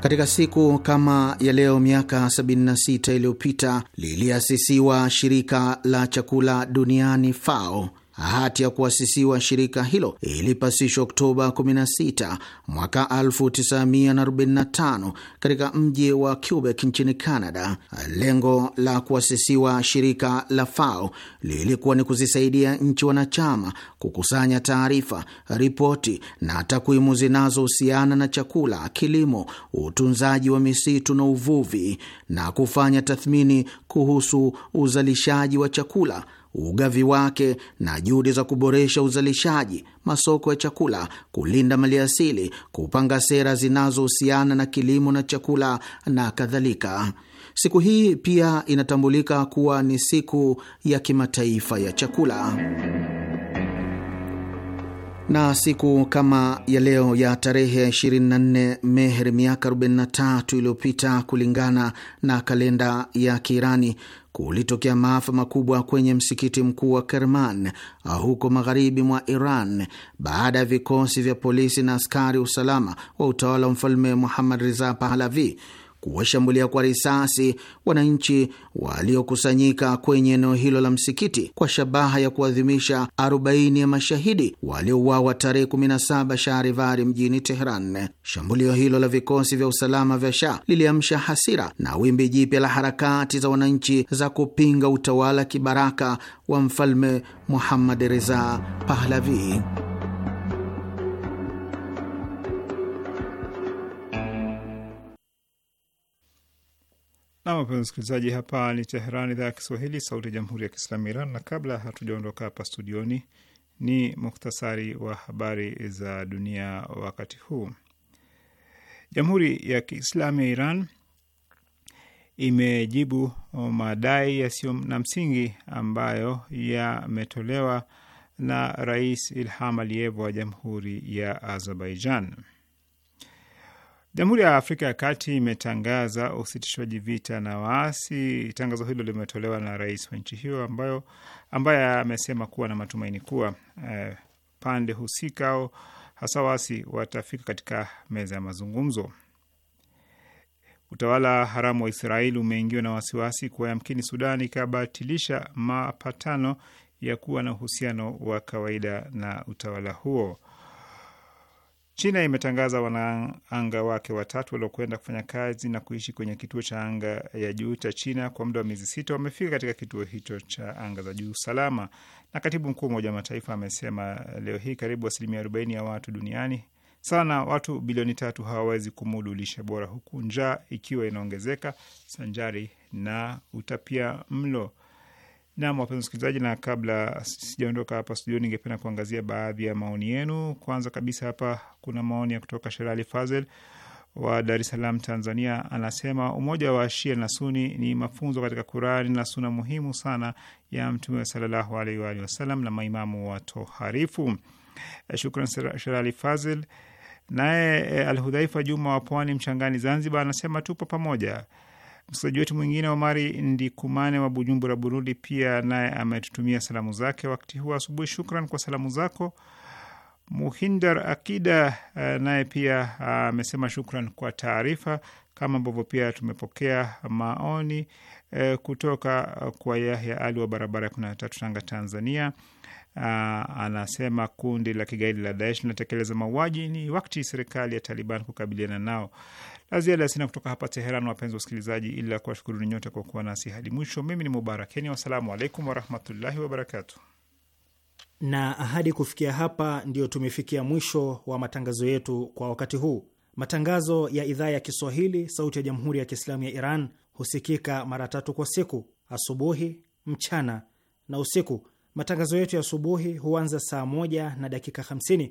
Katika siku kama ya leo miaka 76 iliyopita liliasisiwa shirika la chakula duniani FAO Hati ya kuasisiwa shirika hilo ilipasishwa Oktoba 16 mwaka 1945 katika mji wa Quebec nchini Canada. Lengo la kuasisiwa shirika la FAO lilikuwa ni kuzisaidia nchi wanachama kukusanya taarifa, ripoti na takwimu zinazohusiana na chakula, kilimo, utunzaji wa misitu na uvuvi, na kufanya tathmini kuhusu uzalishaji wa chakula ugavi wake na juhudi za kuboresha uzalishaji, masoko ya chakula, kulinda maliasili, kupanga sera zinazohusiana na kilimo na chakula na kadhalika. Siku hii pia inatambulika kuwa ni siku ya kimataifa ya chakula na siku kama ya leo ya tarehe 24 Mehr miaka 43 iliyopita kulingana na kalenda ya Kiirani kulitokea maafa makubwa kwenye msikiti mkuu wa Kerman huko magharibi mwa Iran baada ya vikosi vya polisi na askari usalama wa utawala wa mfalme Muhammad Riza Pahlavi kuwashambulia kwa risasi wananchi waliokusanyika kwenye eneo hilo la msikiti kwa shabaha ya kuadhimisha 40 ya mashahidi waliouawa tarehe 17 Shahrivari mjini Tehran. Shambulio hilo la vikosi vya usalama vya Shah liliamsha hasira na wimbi jipya la harakati za wananchi za kupinga utawala kibaraka wa mfalme Muhammad Reza Pahlavi. Nam, wapenzi msikilizaji, hapa ni Teheran, idhaa ya Kiswahili, sauti ya jamhuri ya kiislamu Iran. Na kabla hatujaondoka hapa studioni, ni muktasari wa habari za dunia wakati huu. Jamhuri ya Kiislamu ya Iran imejibu madai yasiyo na msingi ambayo yametolewa na Rais Ilham Aliyev wa Jamhuri ya Azerbaijan. Jamhuri ya Afrika ya Kati imetangaza usitishwaji vita na waasi. Tangazo hilo limetolewa na rais wa nchi hiyo ambayo ambaye amesema kuwa na matumaini kuwa eh, pande husika au hasa waasi watafika katika meza ya mazungumzo. Utawala haramu wa Israeli umeingiwa na wasiwasi kuwa yamkini Sudan ikabatilisha mapatano ya kuwa na uhusiano wa kawaida na utawala huo. China imetangaza wanaanga wake watatu waliokwenda kufanya kazi na kuishi kwenye kituo cha anga ya juu cha China kwa muda wa miezi sita wamefika katika kituo hicho cha anga za juu salama. Na katibu mkuu wa Umoja wa Mataifa amesema leo hii karibu asilimia arobaini ya watu duniani sana watu bilioni tatu hawawezi kumudu lishe bora, huku njaa ikiwa inaongezeka sanjari na utapia mlo. Nam, wapenzi wasikilizaji, na kabla sijaondoka hapa studio, ningependa kuangazia baadhi ya maoni yenu. Kwanza kabisa, hapa kuna maoni ya kutoka Sherali Fazel wa Dar es Salaam, Tanzania. Anasema umoja wa Shia na Suni ni mafunzo katika Kurani na Suna muhimu sana ya Mtume sallallahu alaihi wa alihi wasallam na maimamu watoharifu. Eh, shukran Sherali Fazel. Naye eh, Alhudhaifa Juma wa Pwani Mchangani, Zanzibar, anasema tupo pamoja Msikilizaji wetu mwingine Omari Ndikumane wa Bujumbura, Burundi, pia naye ametutumia salamu zake wakati huu asubuhi. Shukran kwa salamu zako. Muhindar Akida eh, naye pia ah, amesema shukran kwa taarifa, kama ambavyo pia tumepokea maoni uh, kutoka ah, kwa Yahya Ali wa barabara ya kumi na tatu Tanga, Tanzania. Uh, anasema kundi la kigaidi la Daesh linatekeleza mauaji, ni wakati serikali ya Taliban kukabiliana nao. La ziada sina kutoka hapa Teheran, wapenzi wasikilizaji, ila kuwashukuruni nyote kwa kuwa nasi hadi mwisho. Mimi ni Mubarakeni, wassalamu alaikum warahmatullahi wabarakatu. Na ahadi kufikia hapa, ndiyo tumefikia mwisho wa matangazo yetu kwa wakati huu. Matangazo ya idhaa ya Kiswahili sauti ya jamhuri ya Kiislamu ya Iran husikika mara tatu kwa siku: asubuhi, mchana na usiku. Matangazo yetu ya asubuhi huanza saa moja na dakika 50